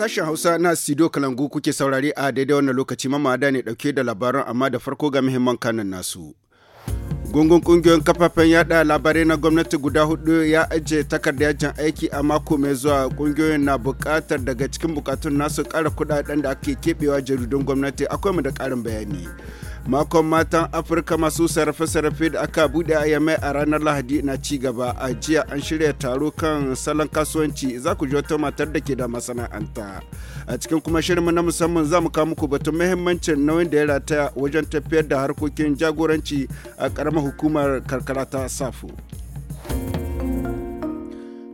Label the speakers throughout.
Speaker 1: Sashen Hausa na Sido Kalangu kuke saurari a daidai wannan lokaci mamada ne dauke da labaran amma da farko ga muhimman kanan nasu. Gungun kungiyoyin kafafen yada labarai na gwamnati guda hudu ya ajiye takardar yajin aiki a mako mai zuwa kungiyoyin na bukatar daga cikin bukatun nasu kara kudaden da ake kebewa jaridun gwamnati akwai mu da karin bayani. makon matan afirka masu sarrafe-sarrafe da aka bude a yamai a ranar lahadi na ci gaba a jiya an shirya taro kan salon kasuwanci za ku ji wata matar da ke da masana'anta a cikin kuma shirinmu na musamman za mu kawo muku batun muhimmancin nauyin da ya rataya wajen tafiyar da harkokin jagoranci a ƙaramar hukumar karkara ta safo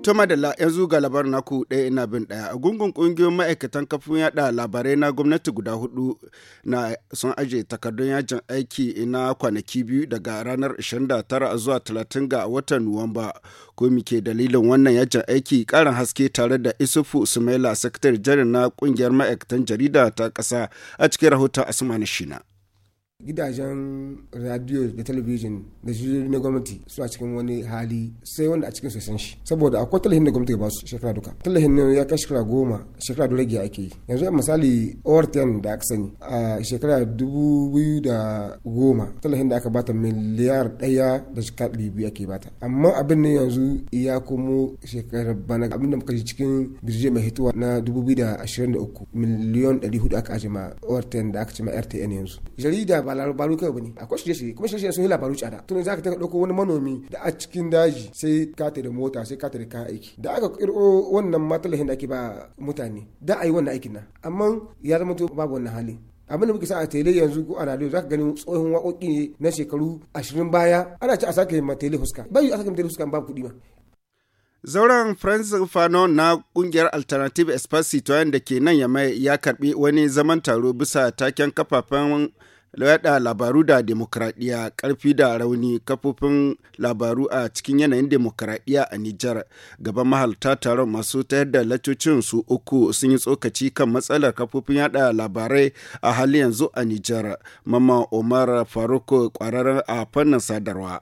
Speaker 1: ta madala yanzu ga labar naku ɗaya ina bin ɗaya a gungun ƙungiyoyin ma'aikatan kafin yaɗa labarai na gwamnati guda hudu na sun ajiye takardun yajin aiki na kwanaki biyu daga ranar 29 zuwa 30 ga watan Nuwamba. Ko ke dalilin wannan yajin aiki ƙarin haske tare da Isufu Sumaila sakatare jarin na ƙungiyar ma'aikatan jarida ta ƙasa a cikin rahoton Asmani Shina.
Speaker 2: gidajen radio da television da jirgin na gwamnati suna cikin wani hali sai wanda a cikin su san shi saboda akwai talahin da gwamnati ba su shekara duka talahin ne ya kai shekara goma shekara dole rage ake yi yanzu a misali over ten da aka sani a shekara dubu biyu da goma talahin da aka bata miliyar ɗaya da shekara ɗari biyu ake bata amma abin ne yanzu ya komo shekara bana abin da muka ji cikin birje mai hituwa na dubu biyu da ashirin da uku miliyon ɗari hudu aka aje ma over ten da aka ce ma rtn yanzu jarida ba labaru kawai bane akwai shirye shirye kuma shirye shirye sun labaru tsada tunan zaka ta dauko wani manomi da a cikin daji sai ka da mota sai ka da kayan aiki da aka kirko wannan matalahin da ake ba mutane da ayi wannan aikin nan amma ya zama to babu wannan hali abin da muke sa a tele yanzu ko a radio zaka gani tsohon waƙoƙi ne na shekaru ashirin baya ana ci a sake ma tele huska bai a sake ma tele huska babu kuɗi ma
Speaker 1: zauren francis fano na kungiyar alternative espacito da ke nan ya ya karbi wani zaman taro bisa taken kafafen yada labaru da demokradiyya karfi da rauni kafofin labaru a cikin yanayin demokradiyya a Nijar. Gaban mahalta taron masu tayar da lacocin su uku sun yi tsokaci kan matsalar kafofin yada labarai a halin yanzu a Nijar. Mama Omar Faruk kwararren a fannin sadarwa.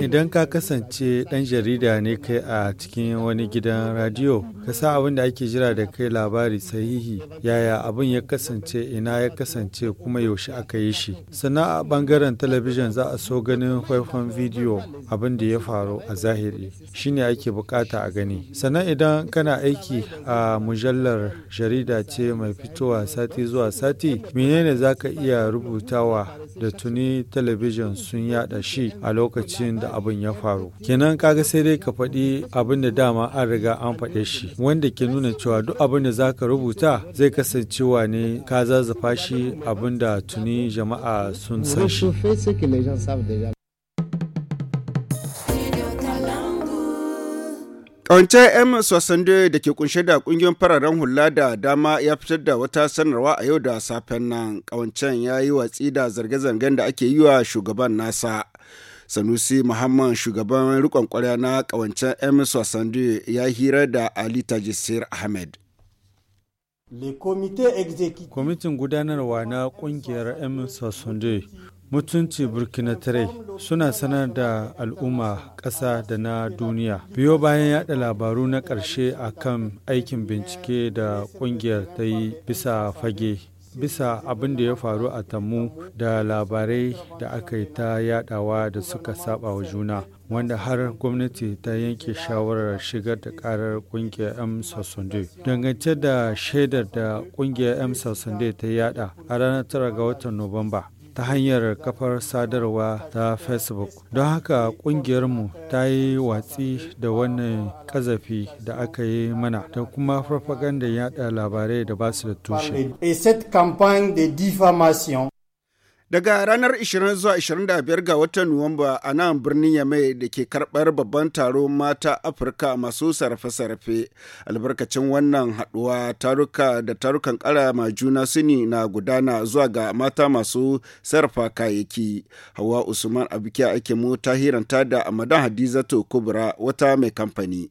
Speaker 3: Idan ka kasance ɗan jarida ne kai a cikin wani gidan radiyo, ka sa abin da ake jira da kai labari
Speaker 2: sahihi,
Speaker 3: yaya abin ya kasance, ina ya kasance kuma yaushe aka yi shi. Sannan a ɓangaren talabijin za a so ganin faifan bidiyo abin da ya faru a zahiri, shine ake bukata a gani. Sannan idan kana aiki a mujallar jarida ce mai fitowa sati zuwa sati, menene za ka iya rubutawa da tuni talabijin sun yada shi a lokacin lokacin da abin ya faru kenan kaga sai dai ka faɗi abin da dama an riga an faɗe shi wanda ke nuna cewa duk abin da zaka rubuta zai kasancewa ne ka zazzafa shi abin da tuni jama'a sun san shi
Speaker 1: Ƙawancen M. sosando da ke kunshe da ƙungiyar fararen hula da dama ya fitar da wata sanarwa a yau da safen nan. kawancen ya yi watsi da zarge-zargen da ake yi wa shugaban nasa. Sanusi Muhammad shugaban rikon kwarya na kawancen MS Wasandu ya hira da Ali Tajisir Ahmed.
Speaker 3: Kwamitin gudanarwa na kungiyar MS Wasandu mutunci burkina tare suna sanar da al'umma ƙasa da na duniya biyo bayan yada labaru na ƙarshe akan aikin bincike da kungiyar ta yi bisa fage bisa abin da ya faru a tamu da labarai da aka yi ta yadawa da suka saba wa juna wanda har gwamnati ta yanke shawarar shigar da karar kungiyar m sassunde dangance da shaidar da kungiyar m sassunde ta yada a ranar 9 ga watan nuwamba ta hanyar kafar sadarwa ta facebook don haka ƙungiyarmu ta yi watsi da wannan ƙazafi da aka yi mana da kuma farfaganda yada labarai da basu da tushe
Speaker 1: de Daga ranar 20 zuwa 25 ga watan Nuwamba a nan birnin Yamai da ke karɓar babban taro mata Afirka masu sarfe-sarfe. Albarkacin wannan haɗuwa taruka da tarukan ƙara juna suni na gudana zuwa ga mata masu sarrafa kayayyaki. Hawa Usman Abikiya ake mu hiranta da Amadan Hadiza Kubra wata mai kamfani.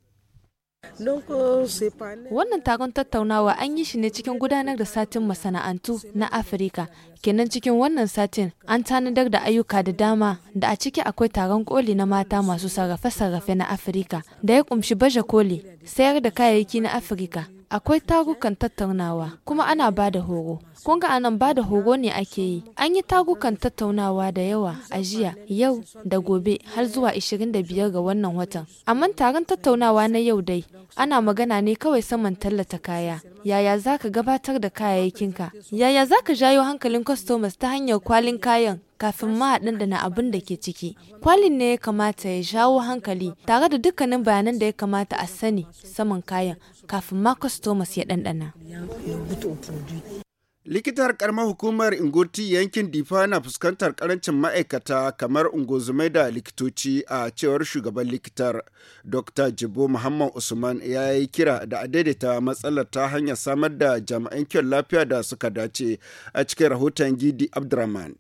Speaker 3: Wannan taron tattaunawa an yi shi ne cikin gudanar da satin masana'antu na Afirka. Kenan cikin wannan satin an tanadar da ayyuka da dama da a ciki akwai taron koli na mata masu sarrafe-sarrafe na Afirka da ya kumshi baje koli, sayar da kayayyaki na Afirka, akwai tagukan tattaunawa kuma ana ba da horo Kunga anan ba da horo ne ake yi an yi tagukan tattaunawa da yawa a jiya yau da gobe har zuwa 25 ga wannan watan amma taron tattaunawa na yau dai ana magana ne kawai saman tallata kaya yaya zaka gabatar da kayayyakinka yaya zaka jayo hankalin customers ta hanyar kwalin kayan kafin ma a ɗanɗana abin da ke ciki. Kwalin ne ya kamata ya shawo hankali tare da dukkanin bayanan da ya kamata a sani saman kayan kafin ma kwastomas ya ɗanɗana.
Speaker 1: likitar karamar hukumar ingoti yankin difa na fuskantar karancin ma'aikata kamar ungozumai da likitoci a cewar shugaban likitar dr jibo muhammad usman ya yi kira da a daidaita matsalar ta hanyar samar da jami'an kyan lafiya da suka dace a cikin rahoton gidi abdurrahman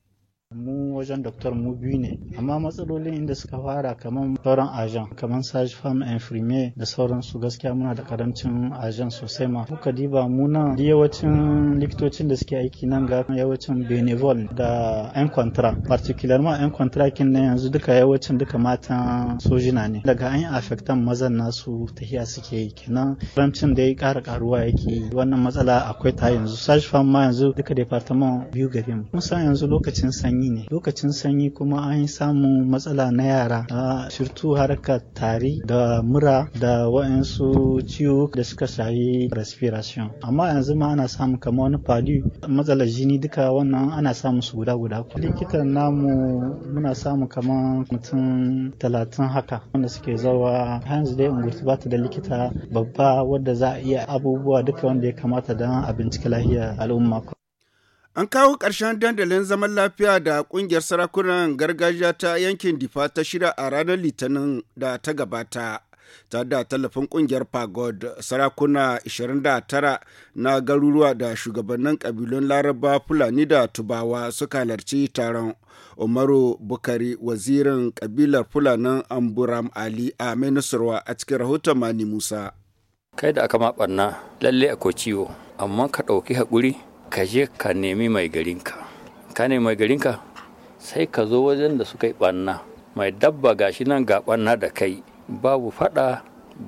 Speaker 4: mu wajen doktor mu biyu ne amma matsalolin inda suka fara kamar sauran ajan kamar sage farm and frime da sauransu gaskiya muna da karancin ajan sosai ma kuka diba mu nan yawancin likitocin da suke aiki nan ga yawancin benevol da yan kwantara particular ma yan kwantara kin na yanzu duka yawancin duka matan sojina ne daga an yi affectan mazan nasu tahiya suke yi kenan karancin da ya kara karuwa yake yi wannan matsala akwai ta yanzu sage farm ma yanzu duka department biyu gari mu mun san yanzu lokacin sanyi sanyi ne lokacin sanyi kuma an samu matsala na yara a shirtu harkar tari da mura da wa'ansu ciwo da suka shayi respiration amma yanzu ma ana samu kamar wani fali matsalar jini duka wannan ana samu su guda guda likitan namu muna samu kamar mutum talatin haka wanda suke zawa yanzu dai in ba ta da likita babba wadda za a iya abubuwa duka wanda ya kamata don a bincika lahiyar al'umma
Speaker 1: An kawo ƙarshen dandalin zaman lafiya da ƙungiyar sarakunan gargajiya ta yankin Difa ta shirya a ranar Litinin da ta gabata. ta da tallafin kungiyar pagod sarakuna 29 na garuruwa da shugabannin kabilun laraba fulani da tubawa suka halarci taron umaru bukari wazirin kabilar fulanin amburam ali a minisirwa
Speaker 3: a cikin rahoton mani musa kai da aka ma barna lallai akwai ciwo amma ka ɗauki haƙuri ka je ka nemi mai garinka ka nemi mai garinka sai ka zo wajen da suka yi ɓanna mai dabba gashi nan ga ɓanna da kai babu faɗa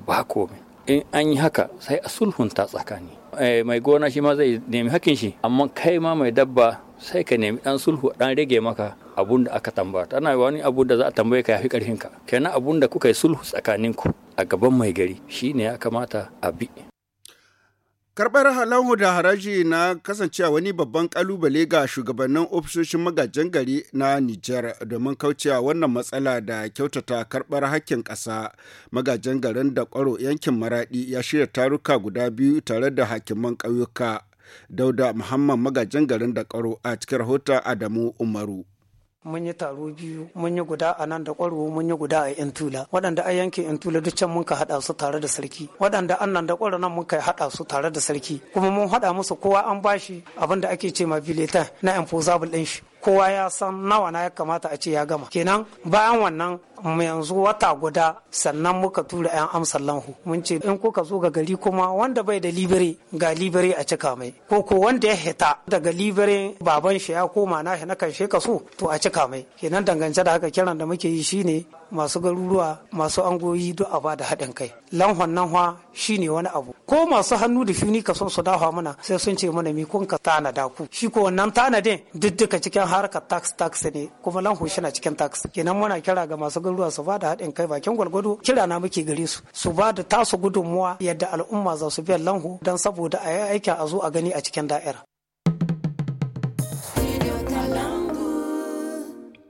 Speaker 3: ba komai in an yi haka sai a sulhunta tsakani eh, mai gona shi ma zai nemi hakin shi amma kai ma mai dabba sai ka nemi dan sulhu dan rage maka abun da aka tambaya tana wani abun da za a tambaye ka yafi karfin ka kenan abun da kuka yi sulhu tsakaninku a gaban mai gari shine ya kamata a bi
Speaker 1: Karɓar halahu da haraji na kasancewa wani babban ƙalubale ga shugabannin ofisoshin magajin gari na Nijar domin kaucewa wannan matsala da kyautata karɓar hakkin ƙasa. Magajin garin da ƙwaro yankin Maraɗi ya shirya taruka guda biyu tare da hakiman ƙauyuka. Dauda Muhammad magajin garin da ƙwaro a cikin rahoton Adamu Umaru.
Speaker 5: mun yi taro biyu mun yi guda a nan da kwarwo mun yi guda a tula. waɗanda a yankin intula duk can mun ka haɗa su tare da sarki waɗanda an nan da kwaro nan mun ka haɗa su tare da sarki kuma mun haɗa musu kowa an bashi abin da ake ce ma biletan na imposable ɗin shi kowa ya san nawa na ya kamata a ce ya gama kenan bayan wannan mu yanzu wata guda sannan muka tura 'yan amsar lanhu mun ce in kuka zo ga gari kuma wanda bai da libire ga libire a cika mai ko ko wanda ya hita daga libere baban shi ya koma na shi na kan shi ka so to a cika mai kenan dangance da haka kiran da muke yi shine masu garuruwa masu angoyi duk a ba da haɗin kai lanhon nan hwa shi ne wani abu ko masu hannu da fini ka son su dawa mana sai sun ce mana mi kun ka tanada ku shi ko wannan tanadin duk duka cikin harkar tax tax ne kuma lanhon shi na cikin tax kenan muna kira ga masu garuruwa su ba da haɗin kai bakin gwalgwado kira na muke gare su su ba da tasu gudunmuwa yadda al'umma za su biya lanho don saboda a yi aikin a zo a gani a cikin da'ira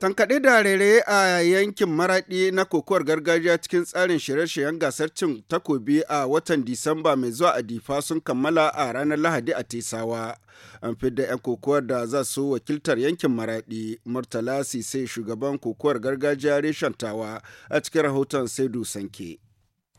Speaker 1: Tankaɗe da rairaye a yankin maraɗi na kokowar gargajiya cikin tsarin shirye-shiryen gasar cin takobi a watan Disamba mai zuwa a Difa sun kammala a ranar Lahadi a Tesawa. An fi da 'yan kokowar da za su wakiltar yankin maraɗi Murtala sai shugaban kokowar gargajiya reshen a cikin rahoton sai Sanke.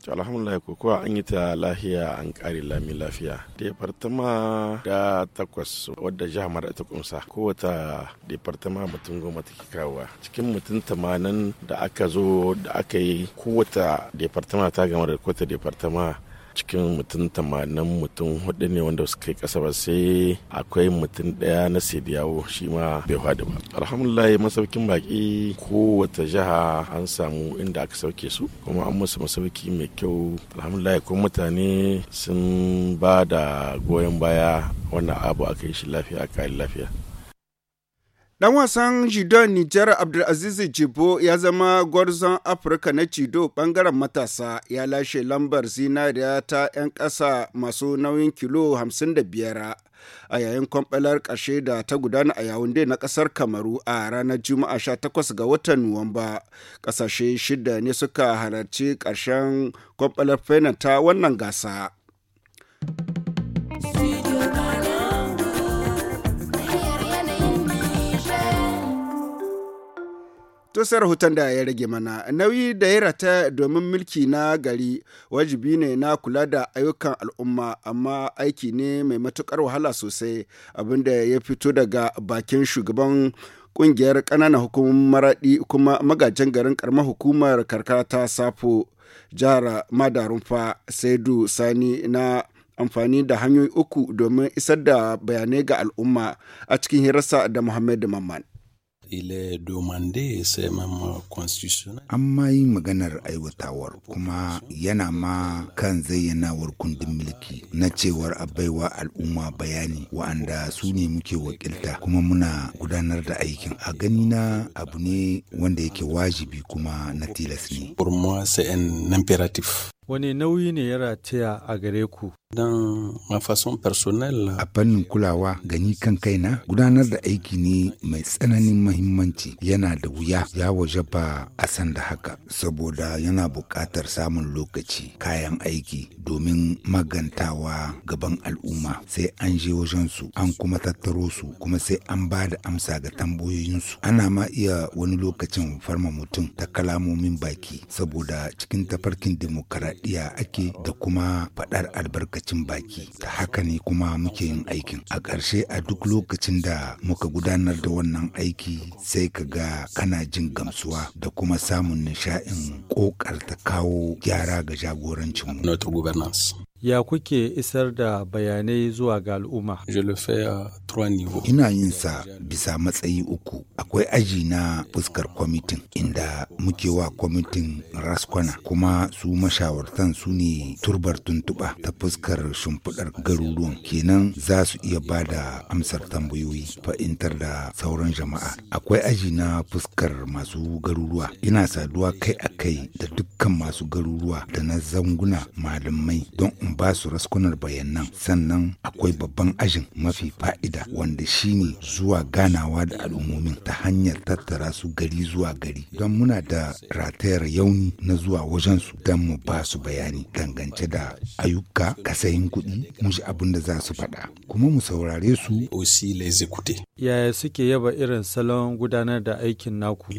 Speaker 1: to ko kokowa an yi ta lahiya an kare lami lafiya departama da takwas wadda jihar mara ta kunsa kowata departama mutum goma take kawowa cikin mutum tamanin da aka zo da aka yi kowata departama ta gama da kowata departama cikin mutum tamanin mutum hudu ne wanda suka yi kasa ba sai akwai mutum daya na sediyawo shi ma bai hadu ba alhamdulillah masaukin baki kowace jiha an samu inda aka sauke su kuma an musu masauki mai kyau alhamdulillah kuma mutane sun ba da goyon baya wannan abu aka yi shi lafiya aka yi lafiya Dan wasan Jidon Nijar Abdulaziz Jibo ya zama gwarzon Afirka na Jido bangaren matasa ya lashe lambar zinariya ta 'yan ƙasa masu nauyin kilo 55 a yayin kwamfalar ƙarshe da ta gudana a yawon na ƙasar Kamaru a ranar Juma'a 18 ga watan Nuwamba. Ƙasashe shida ne suka halarci ƙarshen kwamfalar fena ta wannan gasa. tusa rahoton da ya rage mana nauyi da ya rata domin mulki na gari wajibi ne na kula da ayyukan al'umma amma aiki ne mai matukar wahala sosai abinda ya fito daga bakin shugaban kungiyar kananan hukumar maradi kuma magajin garin karamar hukumar karkara ta safo jihar madarunfa saidu sani na amfani da hanyoyi uku domin isar da bayanai ga al'umma a cikin hirarsa da muhammadu mamman
Speaker 6: An ma yi maganar aiwatawar kuma yana ma kan zayyanawar kundin mulki na cewar a baiwa al'umma bayani wa'anda su ne muke wakilta kuma muna gudanar da aikin a gani na abu ne wanda yake wajibi kuma na tilas ne.
Speaker 3: Wani nauyi ne ya rataya a gare ku? Don mafason personnel. A
Speaker 6: fannin kulawa gani kan kai na. gudanar da aiki ne mai tsananin mahimmanci yana da wuya ya waje ba a san da haka saboda yana buƙatar samun lokaci kayan aiki domin magantawa gaban al'umma sai an je wajen su an kuma tattaro su kuma sai an ba da amsa ga tambayoyinsu ana ma iya wani lokacin farma mutum ta kalamomin baki saboda cikin tafarkin dimokara. demokradiyya ake da kuma faɗar albarkacin baki ta haka ne kuma muke yin aikin a ƙarshe a duk lokacin da muka gudanar da wannan aiki sai ka ga kana jin gamsuwa da kuma samun nishain ƙoƙarta kawo gyara ga
Speaker 3: jagorancinmu Ya kuke isar da bayanai zuwa ga al'umma?
Speaker 6: Ina yin sa bisa matsayi uku. Akwai aji na fuskar kwamitin inda muke wa kwamitin raskwana kuma su mashawartan su ne turbar tuntuɓa ta fuskar shimfiɗar garuruwan kenan za su iya ba da amsar tambayoyi fa'intar da sauran jama'a. Akwai aji na fuskar masu garuruwa. Ina saduwa kai a kai da dukkan masu garuruwa da na zanguna malamai don in ba su raskunar bayanan sannan akwai babban ajin mafi fa'ida wanda shine zuwa ganawa da al'ummomin ta hanyar tattara su gari zuwa gari don muna da ratayar yauni na zuwa wajen su don mu ba su bayani dangance da ayyuka kasayin kuɗi mu ji abin da za su faɗa kuma mu saurare su
Speaker 3: yaya suke yaba irin salon gudanar da aikin naku?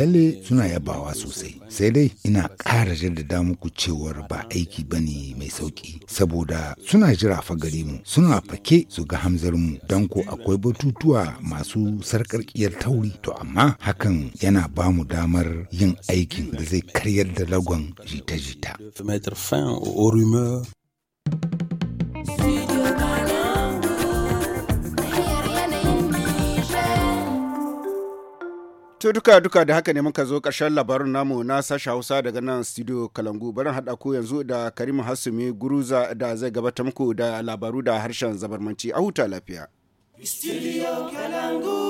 Speaker 6: Lalle suna yabawa sosai, sai dai ina ƙara jaddada muku cewar ba aiki ba ne mai sauƙi, saboda suna jira fa mu, suna fake su ga hamzar mu don ko akwai batutuwa masu sarƙarƙiyar tauri, to amma hakan yana ba mu damar yin aikin da zai karyar da lagon jita-jita.
Speaker 1: To duka duka da haka ne muka zo ƙarshen labarin namu na sasha Hausa daga nan studio Kalangu. Barin haɗa ku yanzu da karima Hasumi Guruza da zai gabatar muku da labaru da harshen zabarmanci. A huta lafiya.
Speaker 5: Studio Kalangu.